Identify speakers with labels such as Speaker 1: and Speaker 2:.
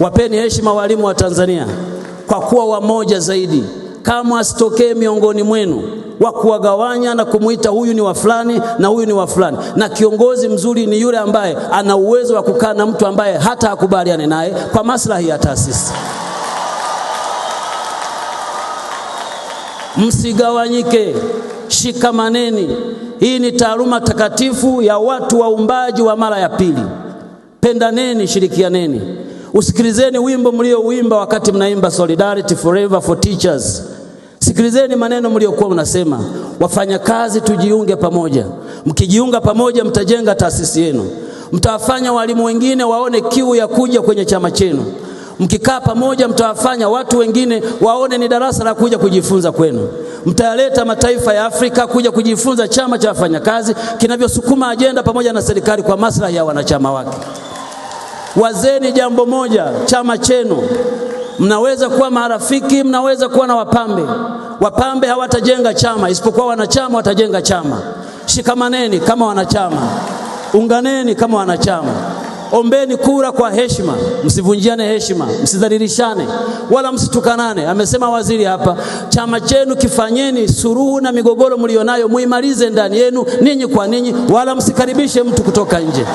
Speaker 1: Wapeni heshima walimu wa Tanzania kwa kuwa wamoja zaidi, kama asitokee miongoni mwenu wa kuwagawanya na kumwita huyu ni wa fulani na huyu ni wa fulani. Na kiongozi mzuri ni yule ambaye ana uwezo wa kukaa na mtu ambaye hata akubaliane naye kwa maslahi ya taasisi. Msigawanyike, shikamaneni. Hii ni taaluma takatifu ya watu waumbaji wa mara ya pili. Pendaneni, shirikianeni. Usikilizeni wimbo mliouimba wakati mnaimba Solidarity Forever for Teachers. Sikilizeni maneno mliokuwa unasema, wafanyakazi tujiunge pamoja. Mkijiunga pamoja, mtajenga taasisi yenu, mtawafanya walimu wengine waone kiu ya kuja kwenye chama chenu. Mkikaa pamoja, mtawafanya watu wengine waone ni darasa la kuja kujifunza kwenu. Mtayaleta mataifa ya Afrika kuja kujifunza chama cha wafanyakazi kinavyosukuma ajenda pamoja na serikali kwa maslahi ya wanachama wake. Wazee ni jambo moja, chama chenu. Mnaweza kuwa marafiki, mnaweza kuwa na wapambe. Wapambe hawatajenga chama, isipokuwa wanachama watajenga chama. Shikamaneni kama wanachama, unganeni kama wanachama, ombeni kura kwa heshima, msivunjiane heshima, msidhalilishane wala msitukanane. Amesema waziri hapa, chama chenu kifanyeni, suruhu na migogoro mlionayo muimalize ndani yenu ninyi kwa ninyi, wala msikaribishe mtu kutoka nje.